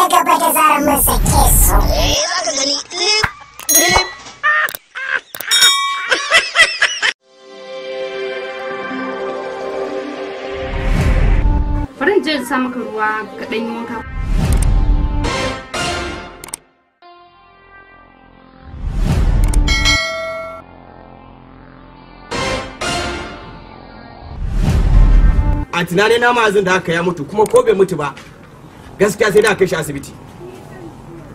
na gaba da zarar eh, je ruwa ka A tunanin na mazin da haka ya mutu kuma ko bai mutu ba gaskiya sai da kai shi asibiti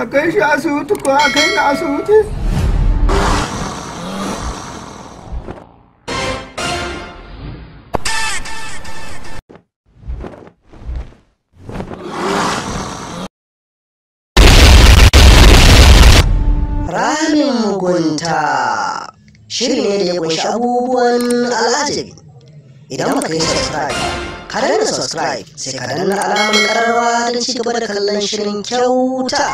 a kai shi asibiti ko a kai na asibiti Ramin mugunta shiri ne da ya kunshi abubuwan al'ajabi idan baka yi subscribe ka da subscribe sai ka danna alamar karawa don ci gaba da kallon shirin kyauta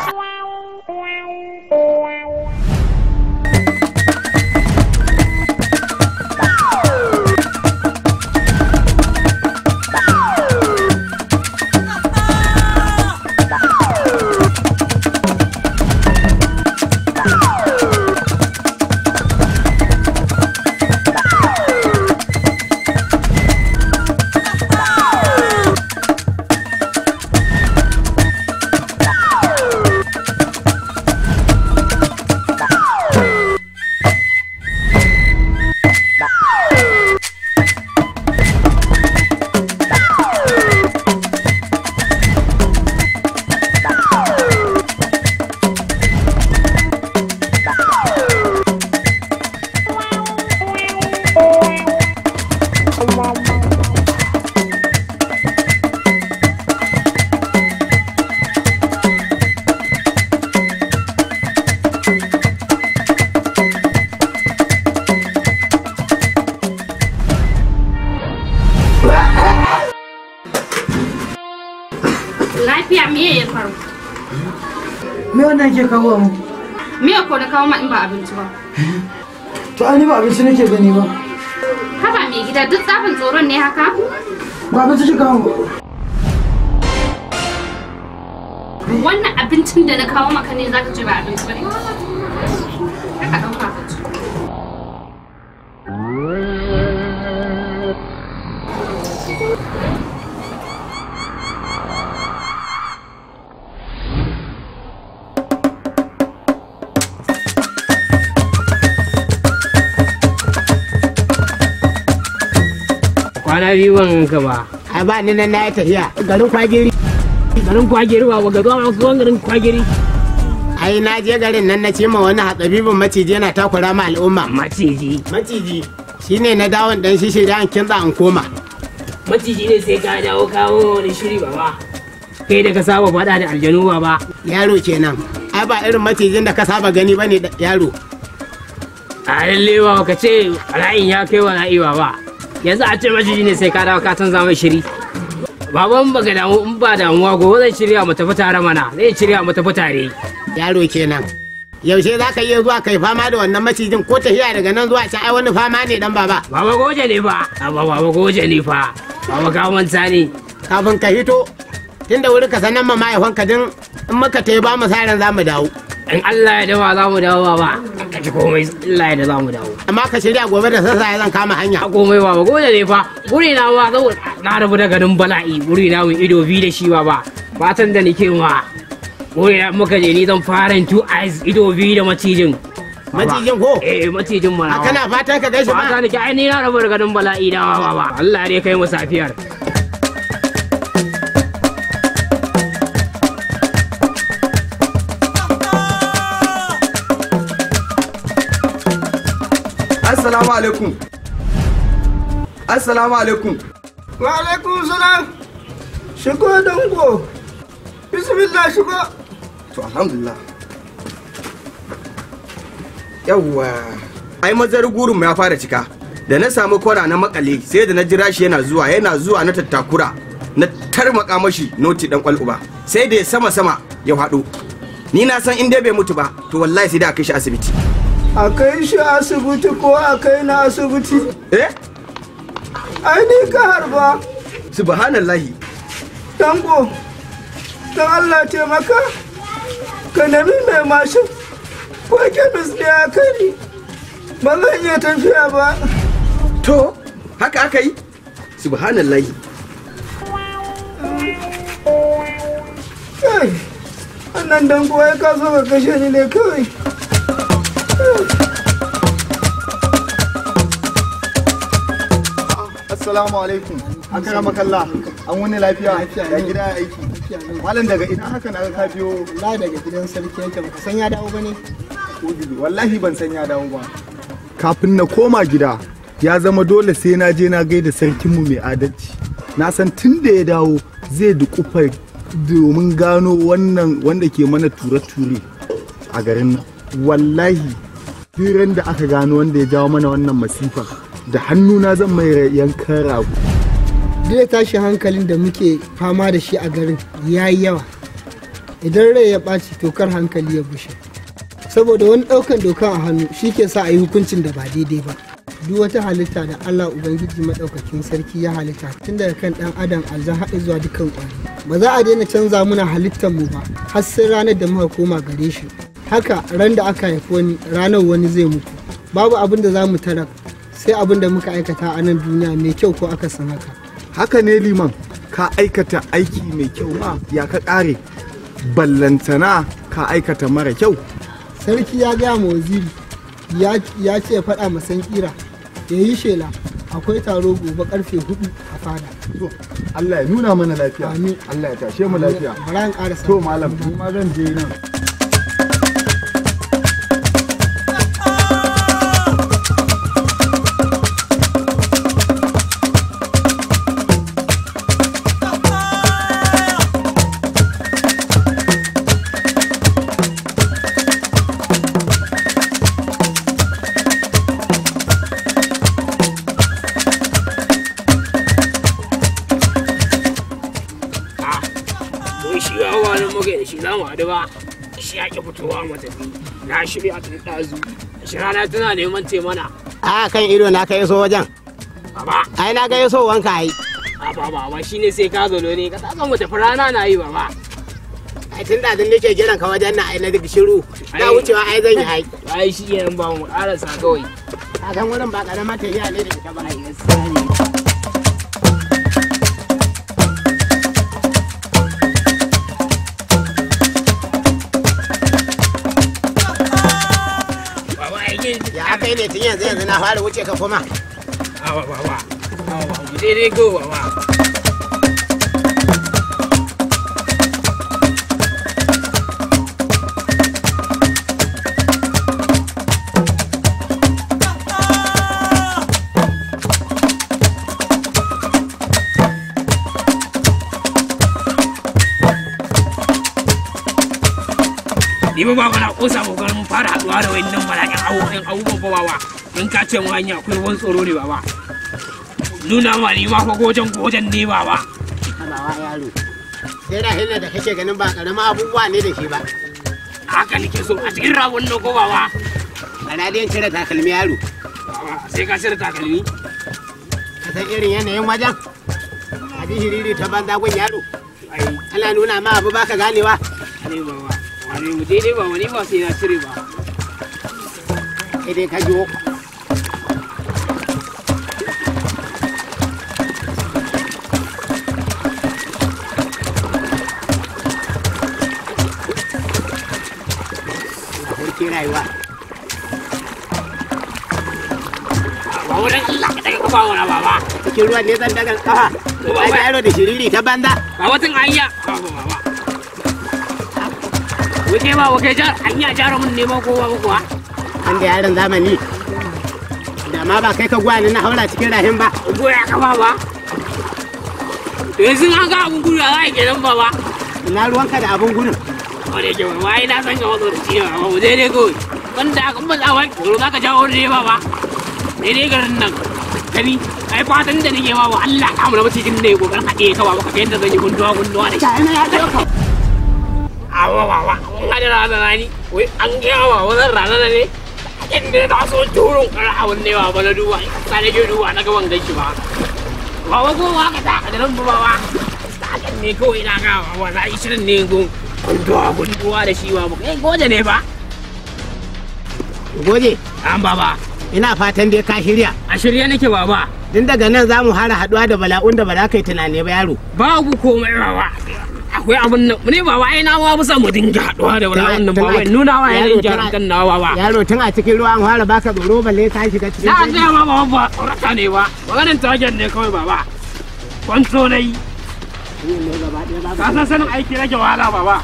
ni ba abinci nake gani ba haba mai gida duk tsafin tsoron ne haka ba abinci shi kawo wannan abincin da na kawo maka ne zaka ce ba abinci ba ne kwana biyu ban gaba A ba ni nan na yi tafiya garin kwagiri garin kwagiri ba ga zuwa masu zuwan garin kwagiri ai na je garin nan na ce ma wani hatsabibin maciji yana takura ma al'umma maciji maciji shine na dawon ɗan shi shirya an kinza an koma maciji ne sai ka dawo kawo wani shiri baba kai da ka saba faɗa da aljanu ba. yaro kenan ai ba irin macijin da ka saba gani ba bane yaro a lalle ba ka ce ra'ayin ya kai wa ra'i ba yanzu a ce majiji ne sai ka dawo ka canza mai shiri baban baka damu in ba damuwa gobe zai shirya mu tafi tare mana zai shirya mu tafi tare yaro kenan yaushe za ka iya zuwa kai fama da wannan macijin ko tafiya daga nan zuwa can ai wani fama ne dan baba baba goje ne fa baba baba goje ne fa baba ka manta ne kafin ka hito tunda wuri ka sanan ma mahaifanka din in muka tayi ba mu sa ran za mu dawo in Allah ya dawa za mu dawo baba ka ji komai Allah ya da za mu dawo amma ka shirya gobe da sassa zan kama hanya a komai baba gobe ne fa guri na ba zo na rabu da garin bala'i guri na mun ido bi da shi baba fatan da nake ma guri na muka je ni zan fara two eyes ido bi da macijin macijin ko eh macijin ma kana fatan ka gaishe ba fatan ki ai ni na rabu da garin bala'i da baba Allah ya kai mu safiyar assalamu alaikum assalamu alaikum wa alaikum salam shigo dango bismillah shigo to alhamdulillah yawwa ai mazar gurin ya fara cika da na samu kwara na makale sai da na jira shi yana zuwa yana zuwa na tattakura na tarmaka mashi noti dan kwal'uba sai da ya sama sama ya haɗu ni na san in dai bai mutu ba to wallahi sai da a kai shi asibiti a kai shi asibiti ko a kai na asibiti eh aini ka harba subhanallahi tango ta allah taimaka ka nemi mai mashin ko kemis ne a kai ba zan iya tafiya ba to haka aka yi subhanallahi wannan dango ya kaso ka kashe ni ne kawai Assalamu alaikum. An kara makalla. An wani lafiya. Ya gida ya aiki. Malam daga ina haka na ka biyo. Wallahi daga gidan sarki yake ba san ya dawo bane. Wallahi ban san ya dawo ba. Kafin na koma gida ya zama dole sai na je na gaida sarkinmu mai adalci. Na san tun da ya dawo zai dukufa domin gano wannan wanda ke mana ture-ture a garin nan. Wallahi ran da aka gano wanda ya jawo mana wannan masifa da hannuna zan mai yankan rago duk tashi hankalin da muke fama da shi a garin ya yi yawa idan rai ya ɓaci tokar hankali ya bushe saboda wani ɗaukan dokan a hannu shi ke sa a yi hukuncin da ba daidai ba duk wata halitta da allah ubangiji maɗaukakin sarki ya halitta tun daga kan ɗan adam alza haɗe zuwa dukkan ƙwari ba za a daina canza muna halittar mu ba har sai ranar da muka koma gare shi haka ran da aka haifi wani ranar wani zai mutu babu abin da za mu tara sai abin da muka aikata a nan duniya mai kyau ko aka san haka haka ne liman ka aikata aiki mai kyau ma ya ka ƙare ballantana ka aikata mara kyau sarki ya gaya ma waziri ya ce ya faɗa ma sankira ya yi shela akwai taro gobe karfe hudu a fada Allah ya nuna mana lafiya Allah ya tashe mu lafiya to malam ma zan je nan haɗu ba shi ya ƙi fitowa mata tafi na shirya tun ɗazu shi rana tana neman ce mana a kan ido na ka iso wajen baba ai na ga iso wanka ai a baba shi ne sai ka zo ne ka saka mata tafi na yi baba ai tun da tun nake jiran ka wajen na ai na duk shiru na wucewa ai zan yi ai ai shi kenan ba mu ƙarasa kawai a kan wurin ba ƙarama ta yi ne da ita ba ai gaskiya kai ne tun yanzu yanzu na fara wuce ka kuma awa ah, wa wa awa daidai go wa wa Ibu bawa nak usah bukan fara haɗuwa da wayannan bala'in abubuwan abubuwan ba wawa in ka ce mu hanya akwai wani tsoro ne baba nuna ma ni ma ko gojan gojan ne baba bawa yaro sai hinna da kake ganin ba karama abubuwa ne da shi ba haka nake so a cikin rabon nan ko bawa ana da da takalmi yaro sai ka cire takalmi ka san irin yanayin wajen a ji hiriri ta banza gun yaro ana nuna ma abu baka ganewa ne bawa wani mu daidai ba wani ba sai na cire ba Ini kayu. Cái này quá. Bảo nó lắc cái bao nào bà bà. Chưa luôn nhớ tân đã gần. À, cái cái xử lý đi tháp ban ra. Bảo tiếng Anh nhá. Bảo bảo bảo. Cái kia bảo cái chứ anh nhà cha rồi mình đi mau qua an ga yaron zamani da ma ba kai ka guwa na haura cikin rahim ba goya kafa ba to yanzu an ga abun gudu a za a kenan ba ba ina ruwanka da abun gudun wani ke wani waye na san ga wato da ciwo ba mu daidai kawai wanda aka kuma za wani kuro za ka jawo ne ba ba ne garin nan gani ai fatan da nake ba wa Allah ka mu na mace mutum ne kokarin haɗe ka ba ka fiye da zan yi gunduwa gunduwa da shi ya ɗauka awa wawa an haɗe rana rani wai an gaya wa wani rana ne inda na so ba na gaban ba a garin bubawa ne kawai na na yi shirin ne da shi ba ne ba ina fatan dai shirya a shirye nake baba tun daga nan za mu hara haduwa da bala'un da ba ka yi tunani ba yaro babu komai baba akwai abin nan ne ba wai na wa busa mu dinga haduwa da wani wannan ba wai nuna wa yayin gyaran kan na wa yaro tun a cikin ruwa an fara baka tsoro balle ka shiga cikin na ga ma ba ba rata ne ba maganin tagen ne kawai baba kwanto nayi ka san sanin aiki rage wahala baba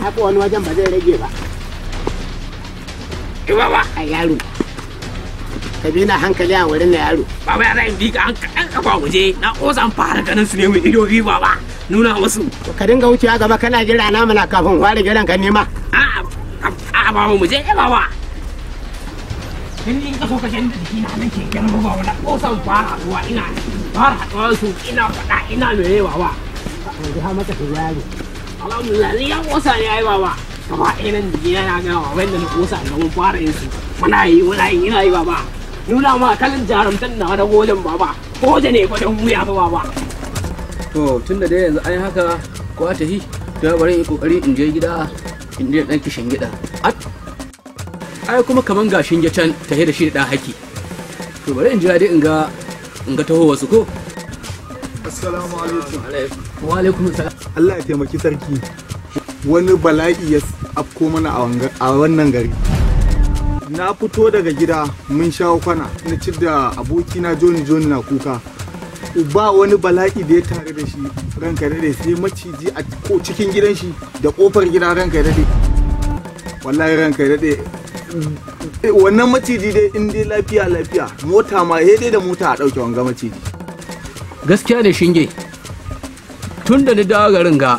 haka wani wajen ba zai rage ba ki ba a yaro ka bi na hankali a wurin na yaro baba ya zai bi ka hankali kafa waje na kosa an fara ganin su ne mai ido riba baba nuna wasu ka dinga wucewa gaba kana jira na mana kafin fara gidan ka nema a ba mu je eh, ba ba in in ka jinda ka na nake kan ba wala ko san fara haduwa ina fara haduwa su ina fada ina mere yawa. ba yanzu ha maka ta yayi alhamdulillah ni ya wasa ne ai ba ba ina irin jiki ga wa wanda na kosa na mun fara yin su muna yi muna yi ina yi baba. nuna ma kalin jarumtan na da golin baba ko da ne gwadon wuya ba baba to tun da dai yanzu an yi haka ko ta hi, to ya bari in kokari in je gida in je ɗan kishin gida ai kuma kaman gashin ya can ta da shi da haki to bari in jira dai in ga in ga taho wasu ko assalamu alaikum wa alaikum assalam Allah ya taimaki sarki wani bala'i ya afko mana a wannan gari na fito daga gida mun sha kwana na ci da abokina joni joni na kuka ba wani bala'i da ya tare da shi ranka da sai maciji a cikin gidan shi da kofar gida ranka da wallahi ranka dade eh, wannan maciji dai in dai lafiya lafiya mota ma ya dai da mota a dauke wanga maciji gaskiya ne shinge tun da ni dawo garin ga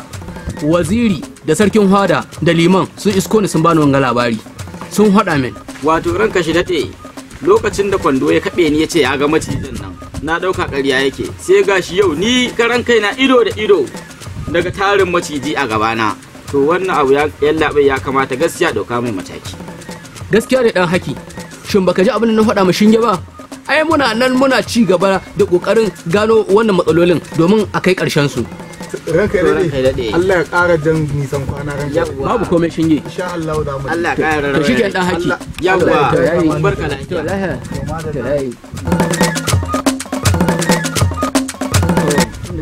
waziri da sarkin hada da liman sun isko ni sun bani wanga labari sun hada min wato ranka shi dade lokacin da kwando ya kabe ni ya ce ya ga macijin nan na ɗauka ƙarya yake sai gashi yau ni karan kaina ido da ido daga tarin maciji a gabana to wannan abu ya labai ya kamata gaskiya ɗauka mai mataki gaskiya ne ɗan haki shin baka ji abin da na faɗa mu shinge ba ai muna nan muna ci gaba da ƙoƙarin gano wannan matsalolin domin a kai ƙarshen su ranka daɗe Allah ya ƙara jan nisan kwana ranka babu komai shinge insha Allah da mu Allah ya ƙara ranka to shi ke ɗan haki yawwa barka lafiya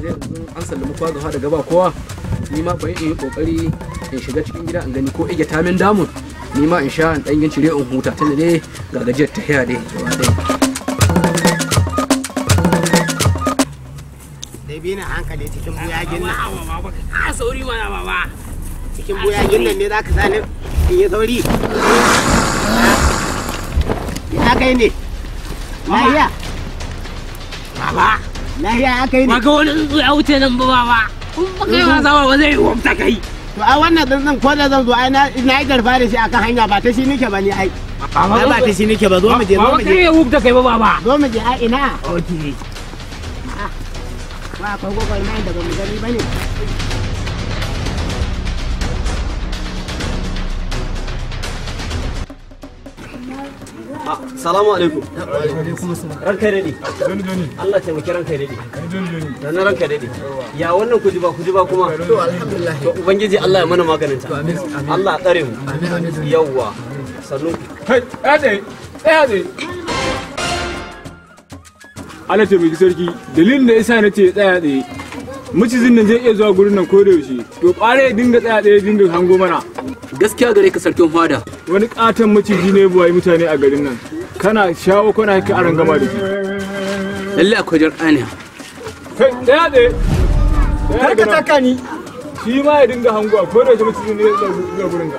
ga yanzu an sallami kwagawa daga ba kowa ni ma bai in yi kokari in shiga cikin gida in gani ko ige ta min damun ni ma in sha in dan cire in huta tunda dai ga gajiyar ta hiya dai gaba dai dai bi na hankali cikin buyagin nan a ah, sauri mana baba cikin buyagin nan ne zaka sani in yi sauri ina kai ne Maya. Baba. Lahiya aka yi ne. Maka wani tsuntsu ya wuce nan ba ba. Kun ba kai wasa ba zai yi wamta kai. To ai wannan tsuntsun ko da zan zo ai na yi garfa da shi akan hanya ba ta shi nike ba ni ai. Ai ba ta shi nike ba zo mu je zo mu je. Ba kai ya wamta kai ba ba. Zo mu je ai ina. Okay. Ba akwai gwagwarmayar da ba mu gani ba ne. salamu alaikum ranka dade Allah ta taimaki ranka dade ranar ranka dade ya wannan kujiba ba kuma to alhamdulillah to ubangiji Allah ya mana maganin ta Allah ya tsare mu yawwa sannu kai tsaya tsaya Allah taimaki sarki dalilin da yasa nace tsaya tsaye mucizin nan zai iya zuwa gurin nan ko da yaushe to ƙware ya dinga tsaya ɗaya dinga hango mana gaskiya gare ka sarkin fada wani katon maciji ne buwayi mutane a garin nan kana shawo kana haka a rangama da shi lalle akwai jar ne. kai ɗaya ɗaya kar ka taka ni shi ma ya dinga hango ko da yaushe macizin ne zai zuwa gurin ka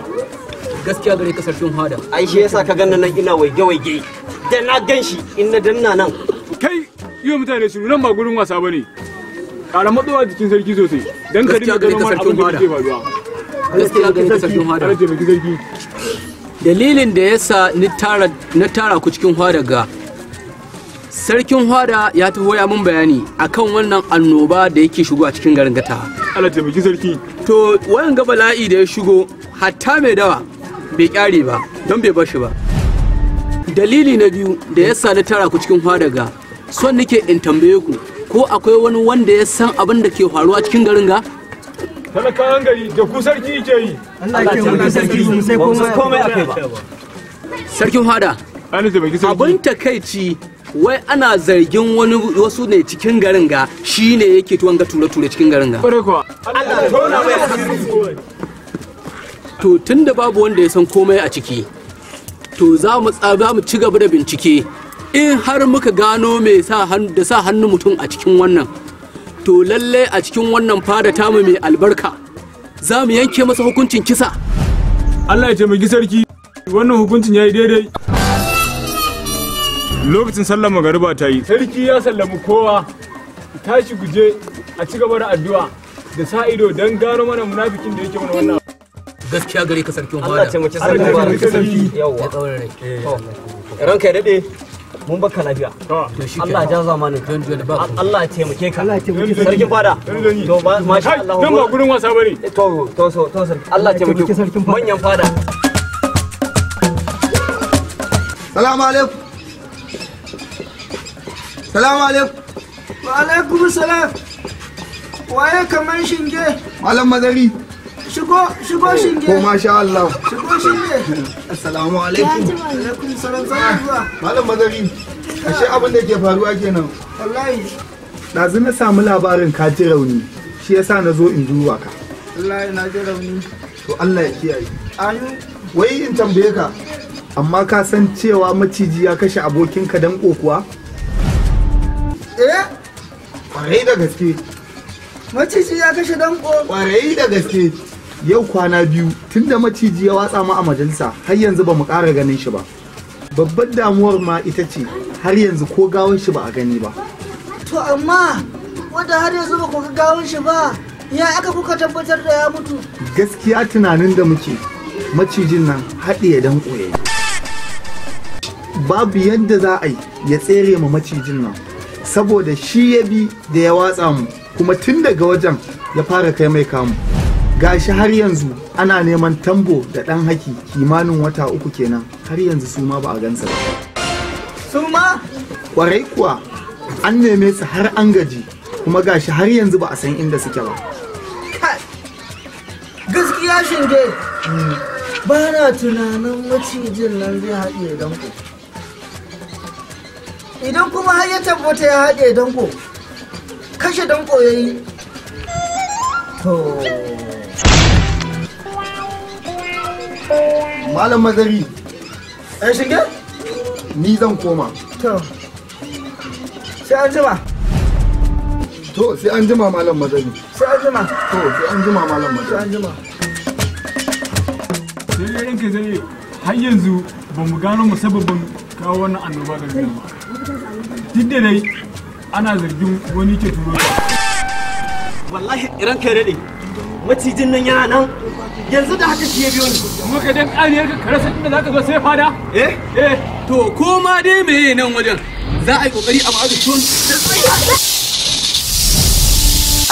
gaskiya gare ka sarkin fada ai shi yasa ka ganna nan ina waige waige da na gan shi in na danna nan kai yi mutane su nan ba gurin wasa bane ƙara matsowa jikin sarki sosai don ka dinga ganin wani abin da ke faruwa gaskiya ga ita sarkin hada dalilin da yasa na tara ku cikin hada ga sarkin hada ya taho ya mun bayani akan wannan annoba da yake shigo a cikin garin gata Allah taimaki sarki to wannan ga bala'i da ya shigo hatta mai dawa bai kyare ba don bai bashi ba dalili na biyu da yasa na tara ku cikin hada ga son nake in tambaye ku ko akwai wani wanda ya san abin da ke faruwa cikin garin ga talakawan gari da ku sarki ke yi Allah ke sarki sai komai ba sarkin fada abin takaici wai ana zargin wani wasu ne cikin garin ga shi ne yake tuwon ga ture-ture cikin garin ga to tun da babu wanda ya san komai a ciki to za mu ci gaba da bincike in har muka gano mai da sa hannu mutum a cikin wannan to lalle a cikin wannan fada tamu mai albarka za mu yanke masa hukuncin kisa Allah ya taimaki sarki wannan hukuncin ya yi daidai lokacin sallar magariba ta yi sarki ya sallami kowa tashi guje a ci gaba da addu'a da sa ido don gano mana munafikin da yake mana wannan gaskiya gare ka sarkin wada Allah ya taimaki sarki yawa ya tsawon rai ranka ya dade mun baka lafiya to shi Allah ja zamanin don jiya da ba Allah ya taimake ka Allah ya taimake ka sarkin fada to ma sha Allah don ba gurin wasa bane eh, to to so to sarki Allah ya taimake ku manyan fada Salamu alaikum Salamu alaikum Wa alaikum salam Waye kaman shinge Malam Madari shigo shigo oh, shinge ko oh, masha Allah shigo shinge assalamu alaikum alaikum salam salam zuwa ah, malam mazari ashe abin da ke faruwa kenan wallahi ɗazu na samu labarin ka ji rauni shi yasa na zo in duba ka wallahi na ji rauni to Allah ya kiyaye amin wai in tambaye ka amma ka san cewa maciji ya kashe abokinka dan kokuwa eh kwarai da gaske maciji ya kashe danko kwarai da gaske yau kwana biyu tun da maciji ya watsa mu a majalisa har yanzu ba mu ƙara ganin shi ba babbar damuwar ma ita ce har yanzu ko gawon shi ba a gani ba to amma wanda har yanzu ba ku gawon shi ba ya aka kuka tabbatar da ya mutu gaskiya tunanin da muke macijin nan haɗiye dan ƙoye babu yadda za a yi ya tsere ma macijin nan saboda shi ya bi da ya watsa mu kuma tun daga wajen ya fara kai mai kamu gashi har yanzu ana neman tambo da ɗan haki kimanin wata uku kenan har yanzu su ma ba a gansa ba su ma kwarai kuwa an neme su har an gaji kuma gashi har yanzu ba a san inda suke ba gaskiya shinge ba na tunanin macijin nan zai haɗe danko idan kuma har ya tabbata ya haɗe danko kashe danko ya yi to Malam mazari. Ɗan eh, shige? Ni zan koma. To. Sai an jima. To sai an jima malam mazari. Sai an jima. To sai an jima malam mazari. Sai an jima. Sai dai yanke zai har yanzu ba mu gano mu musabbabin kawo wannan annoba ga ba. Duk da dai ana zargin wani ke turo. Wallahi iran kai daɗe. Macijin nan yana nan yanzu da haka shi ya biyo ni kuma ka dan kariyar ka rasa inda zaka zo sai fada eh eh to ko ma dai meye nan wajen za a yi kokari a ba'adu tun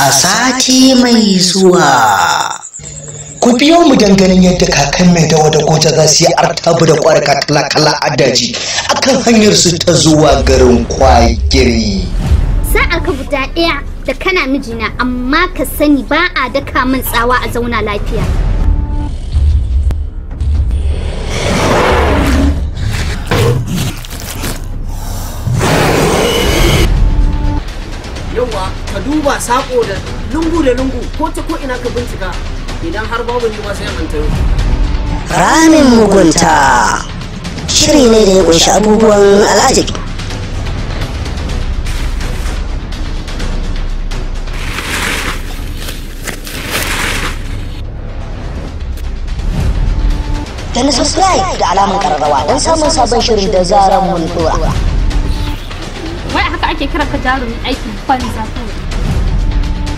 a sati mai zuwa ku biyo mu ganin yadda kakan mai dawa da goja za su yi artabu da kwarka kala-kala a daji akan hanyar su ta zuwa garin kwagiri sa'a ka guda ɗaya da kana mijina amma ka sani ba a daka min tsawa a zauna lafiya duba sako da lungu da lungu ko ta ko ina ka bincika idan har babu ba sai an tayo ramin mugunta shiri ne da ya kunshi abubuwan alajabi Dan subscribe da alamun karrawa don samun sabon shirin da zaran mun dora. Wai haka ake kira ka jarumi aikin banza ko